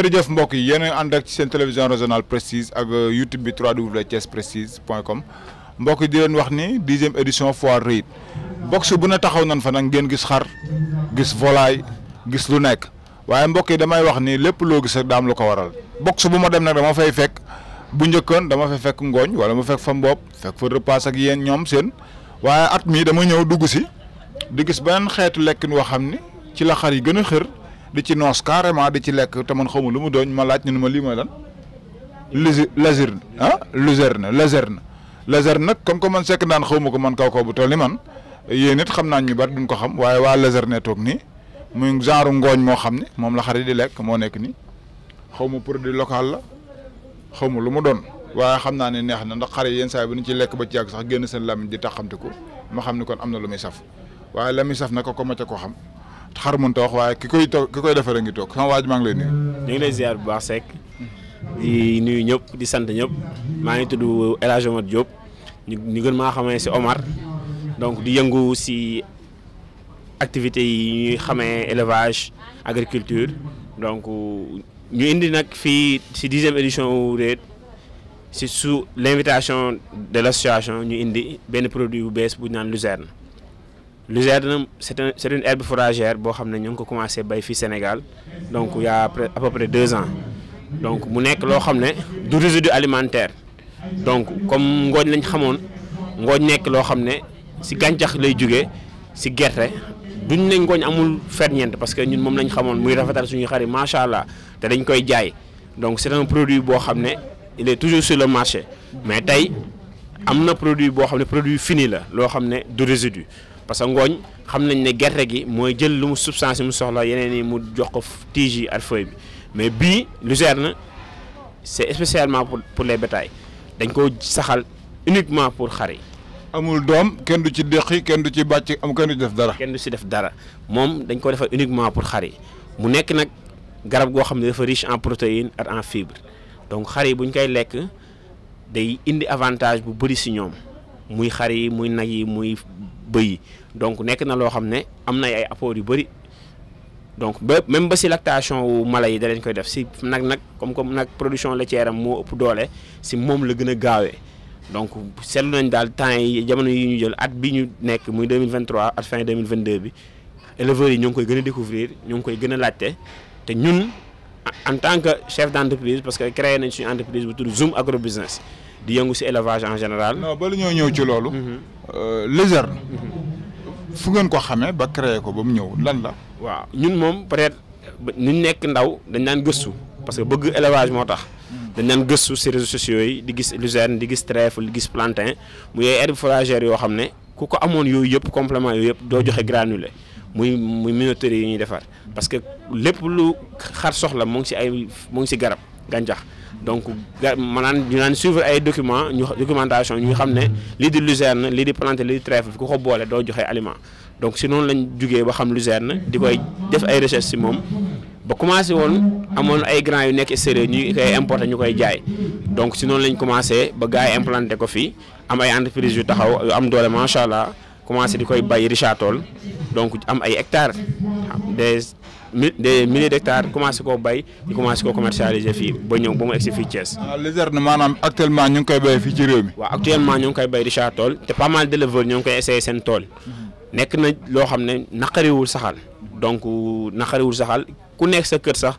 jërëjëf mbokk yi yéen ànd ak seen télévision régionale Prestige ak euh, YouTube bi www.thiesprestige.com mbokk yi di wax ni dixième édition foire Reit box bu ne taxaw nan fa nag ngeen gis xar gis volaille gis lu nekk waaye mbokk yi damay wax ni lépp loo gis rek daam lu ko waral box bu ma dem nag dama fay fekk bu njëkkoon dama fay fekk ngooñ wala mu fekk fa mbopp fekk fa repas ak yéen ñoom seen waaye at mii dama ñëw dugg si di gis beneen xeetu lekkin woo xam ni ci la xar yi gën a xër di ci noos carrément di ci lekk te man xaw ma lu mu doon ma laaj ñu ne ma lii mooy lan. luzerne ah luzerne na luzerne nag comme que man sekk daan xaw ma ko man kaw kaw bu toll li man yéen it xam naa ñu bari duñ ko xam waaye waa luzerne toog nii muy genre ngooñ moo xam ne moom la xarit di lekk moo nekk nii xaw ma produit local la xaw ma lu mu doon. waaye xam naa ne neex na ndax xare yenn saa yi bu ñu ci lekk ba ci yàgg sax génn seen làmmiñ di taxamte ko ma xam ni kon am n lu muy saf waaye la muy saf naka ko ma ca ko xam xar mun ta wax waaye ki koy toog ki koy defaree ngi toog sama waaj maa ngi lay nuyu. ñu ngi lay ziar bu baax Seck di nuyu ñëpp di sant ñëpp maa ngi tudd El Hadj Omar ñu gën maa xamee si Omar donc di yëngu si activités yi ñuy xamee élevage agriculture donc ñu indi nag fii si dixième édition wu Réet si su l' invitation de l' ñu indi benn produit bu bees bu ñu naan luzerne. Luzerne c'est un c'est une herbe fourragère boo xam ne ñu ko commencé bay fii Sénégal donc il y a à peu près deux ans donc mu nekk loo xam du résidu alimentaire donc comme ngooñ lañ xamone ngooñ nekk loo xam ne ci lay juggé si guerre duñ ne ngooñ amul ferñeent parce que ñun mom lañ xamone muy rafetal suñu xari machallah té dañ koy jaay donc c'est un produit bo xamné il est toujours sur le marché mais tay amna produit bo xamné produit fini la lo xamné du résidu parce que ngooñ xam nañ ne gerte gi mooy jël lu mu substance mu soxla yeneen yi mu jox ko tige yi ak bi mais bii luzerne c'est spécialement pour pour les bétails dañ ko saxal uniquement pour xar yi. amul doom kenn du ci deqi kenn du ci bàcc am kenn du ci def dara. kenn du ci def dara moom dañ ko defar uniquement pour xar yi mu nekk nag garab goo xam ne dafa riche en protéines ak en fibres donc xar yi bu ñu koy lekk day indi avantage bu bëri si ñoom muy xar yi muy nag yi muy yi. donc nek na lo ay donc même ba si lactation wu mala yi koy def si comme comme production laitière mo doole si mom la gëna donc sel temps jamono yi ñu jël at bi ñu nek 2023 at fin 2022 bi éleveurs yi koy découvrir ñoo koy gëna té ñun en tant que chef d'entreprise, parce que créé nañ entreprise bu Zoom agro business di yëngu élevage en général. non ba la ñoo ñëw ci fu ngeen ko xamee ba créé ko ba mu ñëw lan la. waaw ñun moom peut-être ñu nekk ndaw dañ naan gëstu parce que bëgg élevage moo tax. Hmm. dañ naan gëstu si réseaux sociaux yi di gis luzerne di gis trèfle di gis plantin mu yooyu herbes fourragères yoo xam ne ku ko amoon yooyu yëpp complément yooyu yëpp doo joxe granulé muy muy minoterie yi ñuy defar parce que lépp lu xar soxla mu ngi si ay mu ngi si garab gàncax. donc ga maanaam ñu naan suivre ay documents ñu documentation ñu xam ne lii di luzerne lii di planté lii di trèfle ku ko boole doo joxe aliment donc si noonu lañ jugee ba xam luzerne di koy def ay recherche si moom ba commencé woon amoon ay grands yu nekk extérieur ñu koy importer ñu koy jaay donc si noonu lañ commencé ba gars yi ko fi am ay entreprise yu taxaw yu am doole macha allah commencé di koy bay Richard tool donc am ay hectares des milliers d'hectares commencé koo bay ñu commencé koo commercialiser fii ba ñëw ba mu egsi fii Thiès. waaw ah, luzerne maanaam actuellement ñu ngi koy bay fii ci réew mi. waaw actuellement ñu ngi koy bay Richard tool te pas mal d'éleveurs ñu ngi koy essayé seen tool nekk na loo xam ne naqariwul saxal donc naqariwul saxal ku nekk sa kër sax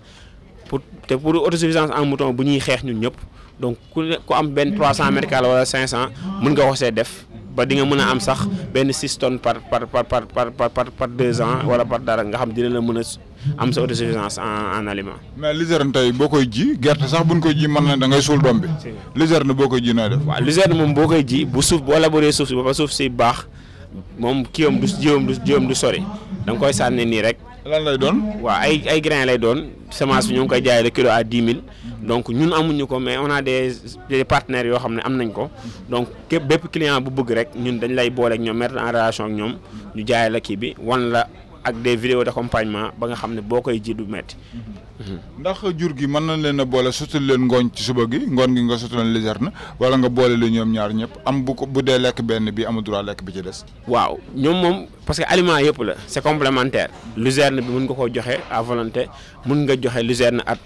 pour te pour autosuffisance en mouton bu ñuy xeex ñun ñëpp donc ku am benn 300 mètres carrés wala 500 mën nga ko see def. ba di nga mën a am sax benn six tonnes par par par par par par par deux ans wala par dara nga xam dina la mën a am sa autosuffisance en en aliment. mais luzerne tey boo koy ji gerte sax buñ koy ji mën na da ngay suul doom bi. luzerne boo koy ji nooy def. waaw luzerne moom boo koy ji bu suuf boo laboree suuf si ba suuf si baax moom kiwam du jiwam du du sori da nga koy sànni nii rek. lan lay doon. waa ay ay grain lay doon semence bi ñu ngi koy jaay le kilo à dix mille. donc ñun amuñu ko mais on a des des partenaires yo xamné ne am nañ ko donc képp bép client bu bëgg rek ñun dañ lay bolé ak ñom mettre en relation ak ñom ñu jaay la kii bi wan la ak des vidéos d'accompagnement ba nga xamné bokay boo ji du metti ndax jur gi mën nañ leena bolé boole leen ngooñ ci suba gi ngoon gi nga sotal légère na wala nga bolé lu ñom ñaar ñep am bu ko bu dee lekk benn bi amu droit lek bi ci dess waaw ñom mom parce que aliment yépp la c'est complémentaire luzerne bi mën nga ko joxé à volonté mën nga joxé luzerne at.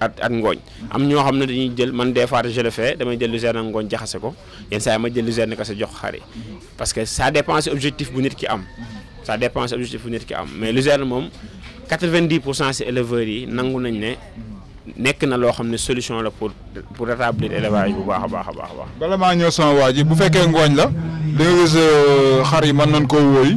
ak ak ngooñ am ñoo xam ne dañuy jël man des fois je damay jël luzerne ak ngooñ jaxase ko yenn saa yi ma jël luzerne kese jox xari parce que ça dépend objectif bu nit ki am ça dépend objectif bu nit ki am mais luzerne moom 90 pour cent si éleveurs yi nangu nañ ne nekk na loo xam ne solution la pour pour rétablir élevage bu baax a baax a baax. bala maa ñëw sama waa ji bu fekkee ngooñ la da gis euh, xar yi mën nañ koo wóoy.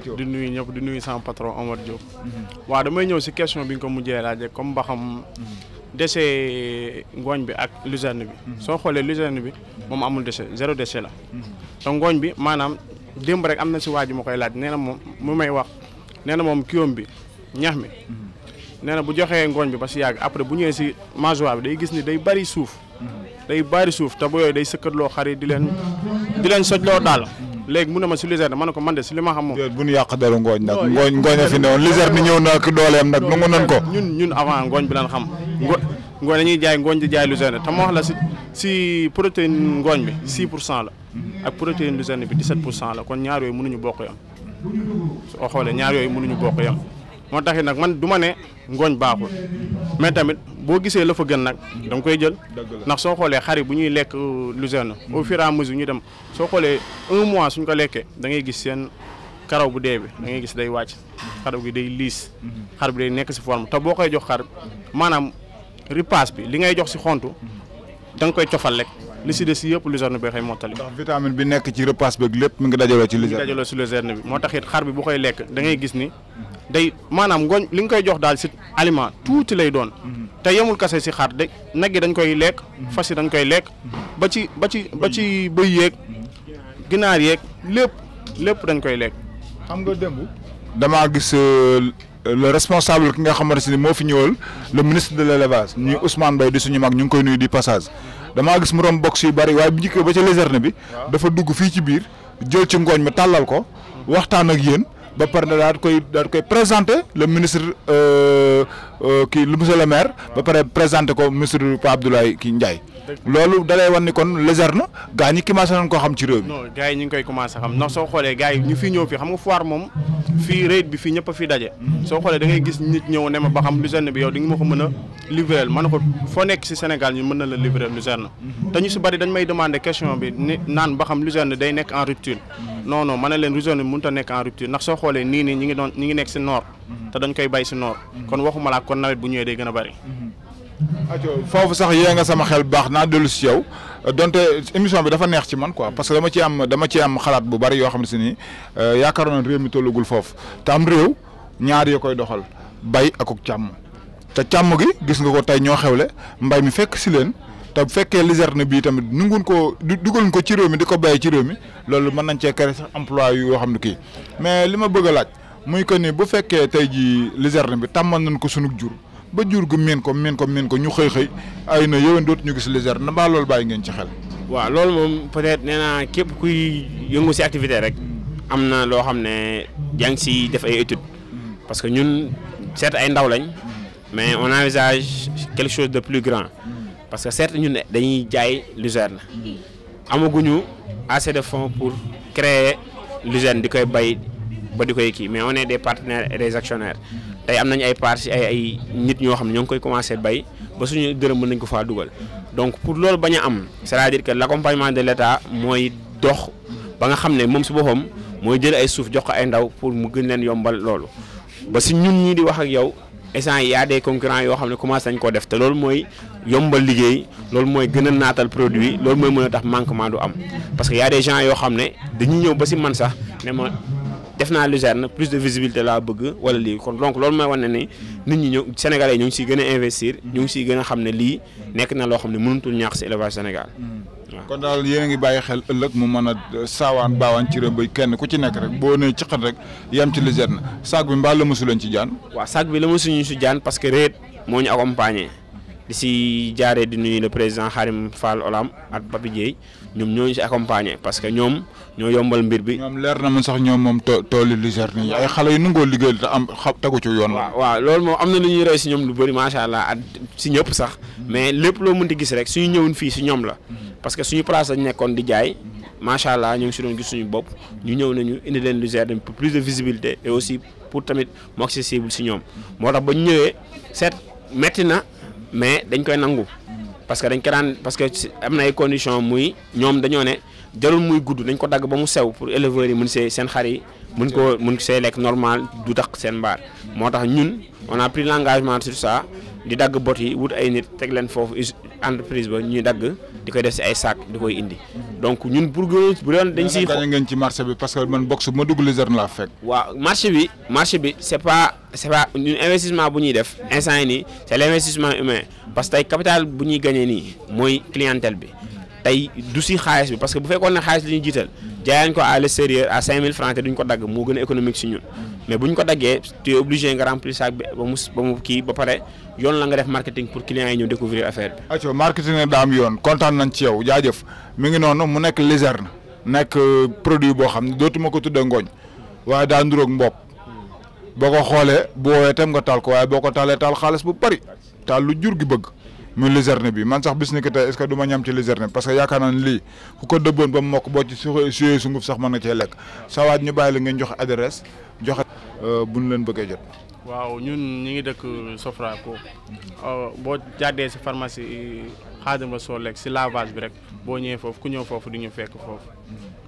di nuyu ñëpp di nuyu sama patron Omar Diop. Mm-hmm. waaw damay ñëw si question bi nga ko mujjee laajee comme ba xam. Mm-hmm. déchet ngooñ bi ak luzerne bi. Mm-hmm. soo xoolee luzerne bi moom amul déchet zéro déchet la. te ngooñ bi maanaam démb rek am na si waa ji ma koy laaj nee na moom mu may wax nee na moom kiwam bi ñax mi. nee na bu joxee ngooñ bi ba si yàgg après bu ñëwee si mangeoire bi day gis ni day bari suuf. day bari suuf te bu yooyu day sëkkatloo xar yi di leen di leen sojloo daal. léegi mu ne ma si lizard ma ne ko man de si li ma xam moom bu ñu yàq deru ngooñ nag ngooñ ngoñ a fi newoon lizard bi ñëw nak ak dooleem nag nangu nan ko ñun ñun avant ngooñ bi lan xam ngooñ dañuy jaay ngooñ di jaay luzerne te ma wax la si si protéine ngooñ bi 6 pour cent la ak protéine luzerne bi 17 pour cent la kon ñaar yooyu mënuñu bokk yam soo xoolee ñaar yooyu mënuñu bokk yam moo taxit nag man du ma ne ngooñ baaxul mais tamit boo gisee la fa gën nag da nga koy jël ndax soo xoolee xari bu ñuy lekk luzerne mm-hmm. au fur et à ñu dem soo xoolee un mois suñ ko lekkee da ngay gis seen karaw bu dee bi da ngay gis day wàcc xar mm-hmm. bi day liis mm-hmm. xar bi day nekk si forme te boo koy jox xar maanaam ripaas bi li ngay jox si xontu da nga koy cofal lekk li si des yëpp luzerne bi xëy mottali bi nekk ci repas beeg lépp mi ngi dajaloo ci luzerne mi bi moo tax xar bi bu koy lekk da gis ni day maanaam ngooñ li nga koy jox daal si aliment tuuti lay doon te yemul kase si xar de nag yi dañ koy lekk fas yi dañ koy lekk ba ci ba ci ba ci bëy yeeg ginaar yeeg lépp lépp dañ koy lekk xam nga démb damaa gis euh, le responsable ki nga xamante si ni moo fi ñëwal le ministre de l'élevage ñuy Ousmane Mbaye di suñu mag ñu ngi koy nuyu di passage damaa gis mu romb box yu bari waaye bu njëkkee ba ca légerne bi dafa dugg fii ci biir jël ci ngooñ ma tàllal ko waxtaan ak yéen ba pare daal di koy daal koy présenté le ministre euh, euh, kii le monsieur le maire ba pare présenté ko ministre Pape Abdoulaye kii Ndiaye. loolu dalay wan ni kon lézard na gaa ñi commencé nañ koo xam ci réew mi. gaa yi ñu ngi koy commencé xam ndax soo xoolee gaa yi ñu fi ñëw fii xam nga foire moom fii réet bi fii ñëpp a daje. soo xoolee da ngay gis nit ñëw ne ma ba xam luzerne bi yow di nga ma ko mën ma ne ko foo nekk si Sénégal ñu mën na la livrer luzerne. te ñu si dañ may demander question bi ni naan ba xam luzerne day nekk en rupture. non non ma leen luzerne bi mënut a nekk en rupture ndax soo xoolee nii nii ñi ngi doon ñi ngi nekk si noor. te dañ koy bay si noor. kon waxuma laa kon nawet bu ñëwee day gën a bari foofu sax yee nga sama xel baax naa dellu si yow donte émission bi dafa neex ci man quoi parce que dama ci am dama ci am xalaat bu bari yoo xam ne si nii euh, yaakaar naa réew mi tollugul foofu te réew ñaar yoo koy doxal bay ak ak càmm te càmm gi gis nga ko tey ñoo xewle mbay mi fekk si leen te bu fekkee luzerne bii tamit nanguwun ko dugaluñ ko ci réew mi di ko béyee ci réew mi loolu mën nañ cee créer sax emploi yu yoo xam ne kii mais li ma bëgg a laaj muy que ni bu fekkee tey jii luzerne bi tàmmal nañ ko sunu jur. ba jur gu miin ko miin ko miin ko ñu xëy xëy ay na yéwén dootu ñu gis légère na mbaa loolu bàyyi ngeen ci xel. waaw loolu moom peut-être nee képp kuy yëngu si activité rek amna lo loo xam ne def ay études parce que ñun certes ay ndaw lañ mais on envisage quelque chose de plus grand parce que certes ñun dañuy jaay luzerne amaguñu assez de fonds pour créer luzerne dikoy bay ba dikoy ki mais on est des partenaires et des actionnaires. tey am nañu ay parties ay ay nit ñoo xam ne ñoo ngi koy commencé bay ba suñu dërëm mën nañ ko faa dugal donc pour loolu bañ a am cest à que l'accompagnement de l'État mooy dox ba nga xam ne moom si boppam mooy jël ay suuf jox ko ay ndaw pour mu gën leen yombal loolu ba si ñun ñii di wax ak yow essant y a des concurrents yoo xam ne commencé nañ koo def te loolu mooy yombal liggéey loolu mooy gën a naatal produit loolu mooy mën a tax manquement du am parce que y a yoo xam ne dañuy ñëw ba si man sax ne def naa luzerne plus de visibilité la bëgg wala li kon donc loolu may wane ni nit ñi ñëw sénégalais ñu ngi siy gën a investir ñu ngi siy gën a xam ne lii nekk na loo xam ne mënutul ñàkk si élevage Sénégal hmm. kon daal yéen a ngi bàyyi xel ëllëg mu mën a saawaan baawaan ci rëbb kenn ku ci nekk rek boo nee ci xat rek yam ci luzerne saag bi mbaa la mësu leen ci jaan waaw saag bi la ñu ci jaan parce que réet moo ñu accompagné di si jaaree di nuyu le président Xarim Fall Olam ak Papi Dieye ñom ñoo ci accompagner parce que ñom ñoo yombal mbir bi. ñom leer na ma sax ñom mom toli li légèrement ay xalé yu nangoo liggéey te am tagu ci yoon. waaw waaw lool mom amna lu ñuy roy si ñoom lu bëri macha allah at si ñëpp sax mm-hmm. mais lépp loo mënti gis rek suñu ñëwoon fi ci ñom la mm-hmm. parce que suñu place lañ nekkon di jaay. Mm-hmm. macha allah ñu ngi si doon gis suñu bop ñu ñëw nañu indi len luzerne dem pour plus de visibilité et aussi pour tamit mu accessible ci ñom motax ba ñu set metti na mais dañ koy nangu. parce que dañ kenaan parce que am na ay conditions muy ñoom dañoo ne jarul muy gudd dañ ko dagg ba mu sew pour éleveurs yi mun see seen xar yi mun koo mun see lekk normal du tax seen mbaar moo tax ñun on a pris l'engagement sur ça di dagg bot yi wut ay nit teg leen foofu entreprise ba ñuy dagg. di koy def si ay saak di koy indi donc ñun pour bu doon dañ siy dañ ngeen ci marché bi parce que man box bu ma dugg Luzerne laa fekk waaw marché bi marché bi c'est pas c'est pas ñun investissement bu ñuy def instant yi nii c'est l'investissement humain parce que tey capital bu ñuy gagné nii mooy clientèle bi tay du ci xaliss bi parce que bu fekkone xaliss xaalis li ñu jiital jaayaan ko à l'extérieur à 5000 francs té duñ ko dag mo gëna économique ci ñun mais buñ ko daggé tu es obligé nga remplir sac ba mu ba mu ki ba paré yoon la nga def marketing pour client yi ñu découvrir affaire bi. ayca marketing da am yoon kontaan nañ ci yow jaajeuf mi ngi noonu mu nekk luzerne nekk euh, produit bo xamni dootuma ko tudde ngooñ waaye da ndurok mbop boko xolé bo bu tam nga tal ko waaye boko talé tal xaliss bu bari tal lu jur gi bëgg. muy luzerne bi man sax bis ni que tey ma ñam ci luzerne parce que yaakaar naa ne lii ku ko dëbboon ba mu mokk boo ci suyee sunguf sax mën na cee lekk saa waat ñu bàyyi la ngeen joxe joxe euh, bu ñu leen bëggee jot. waaw ñun ñu ngi dëkk Sofraco euh, boo jàddee si pharmacie Xaadim soo rek si lavage bi rek boo ñëwee foofu ku ñëw foofu di ñu fekk foofu.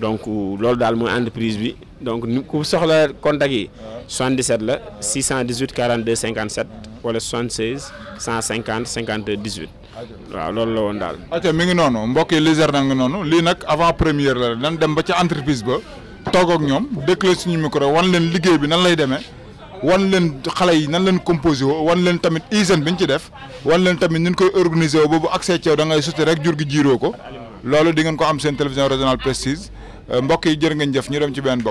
donc euh, loolu dal moy entreprise bi donc ni ku soxla contact yi 77 la 618 42 57 wala 76 150 52 18 waaw loolu la woon daal. ayca mi ngi noonu mbokk yi légère na ngi noonu lii nag avant première la dañ dem ba ci entreprise ba toog ak ñoom déclenché suñu micro wan leen liggéey bi nan lay démé wan leen xalé yi nan leen composé wan leen tamit hygiène biñ ci def wan leen tamit ñu koy organiser woo ba bu accès ceew da ngay sotti rek jur gi jiiroo ko loolu di ngeen ko am sen télévision régionale Prestige. Euh, mbokk yi jërë ngeen jëf ñu dem ci benn